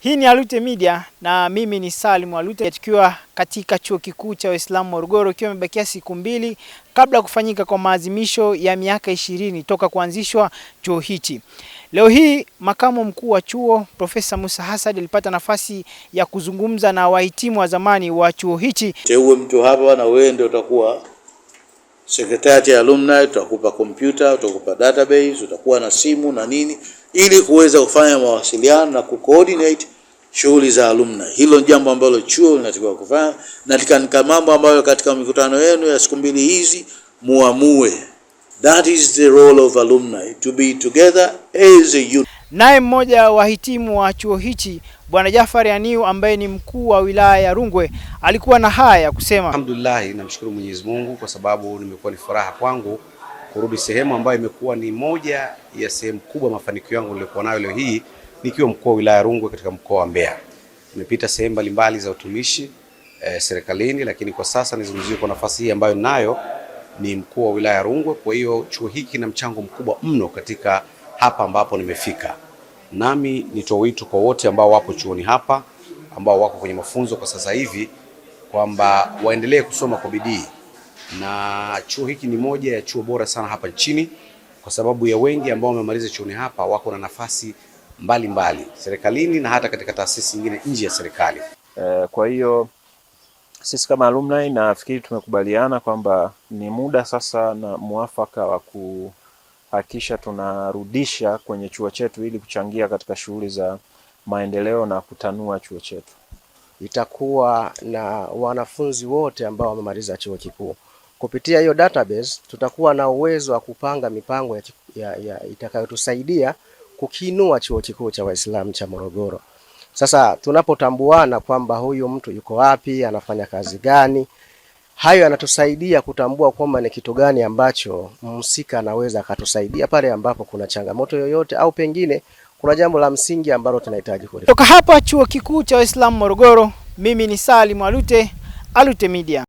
Hii ni Alute Media na mimi ni Salim Alute, tukiwa katika chuo kikuu cha Waislamu Morogoro, ikiwa imebakia siku mbili kabla ya kufanyika kwa maadhimisho ya miaka ishirini toka kuanzishwa chuo hichi. Leo hii makamu mkuu wa chuo Profesa Musa Hasad alipata nafasi ya kuzungumza na wahitimu wa zamani wa chuo hichi. Teue mtu hapa na wewe ndio utakuwa sekretariati ya alumni, utakupa kompyuta, utakupa database, utakuwa na simu na nini ili kuweza kufanya mawasiliano na kucoordinate shughuli za alumna. Hilo ni jambo ambalo chuo linatakiwa kufanya, na katika mambo ambayo katika mikutano yenu ya siku mbili hizi muamue. That is the role of alumni to be together as a unit. Naye mmoja wahitimu wa chuo hichi Bwana Jafari Aniu ambaye ni mkuu wa wilaya ya Rungwe alikuwa na haya ya kusema: Alhamdulillah, namshukuru Mwenyezi Mungu kwa sababu nimekuwa ni furaha kwangu kurudi sehemu ambayo imekuwa ni moja ya sehemu kubwa mafanikio yangu nilikuwa nayo leo hii nikiwa mkuu wa wilaya Rungwe katika mkoa wa Mbeya. Nimepita sehemu mbalimbali za utumishi e, serikalini, lakini kwa sasa nizungumzie kwa nafasi hii ambayo nayo ni mkuu wa wilaya Rungwe. Kwa hiyo chuo hiki kina mchango mkubwa mno katika hapa ambapo nimefika, nami nitoa wito kwa wote ambao wapo chuoni hapa ambao wako kwenye mafunzo kwa sasa hivi kwamba waendelee kusoma kwa bidii na chuo hiki ni moja ya chuo bora sana hapa nchini kwa sababu ya wengi ambao wamemaliza chuoni hapa wako na nafasi mbalimbali serikalini na hata katika taasisi nyingine nje ya serikali. Eh, kwa hiyo sisi kama alumni nafikiri tumekubaliana kwamba ni muda sasa na mwafaka wa kuhakikisha tunarudisha kwenye chuo chetu ili kuchangia katika shughuli za maendeleo na kutanua chuo chetu. Itakuwa na wanafunzi wote ambao wamemaliza chuo kikuu Kupitia hiyo database tutakuwa na uwezo wa kupanga mipango ya, ya, ya itakayotusaidia kukiinua chuo kikuu cha Waislamu cha Morogoro. Sasa tunapotambuana kwamba huyu mtu yuko wapi, anafanya kazi gani, hayo yanatusaidia kutambua kwamba ni kitu gani ambacho mhusika anaweza akatusaidia pale ambapo kuna changamoto yoyote au pengine kuna jambo la msingi ambalo tunahitaji kuelewa. Kutoka hapa chuo kikuu cha Waislamu Morogoro, mimi ni Salim Alute, Alute Media.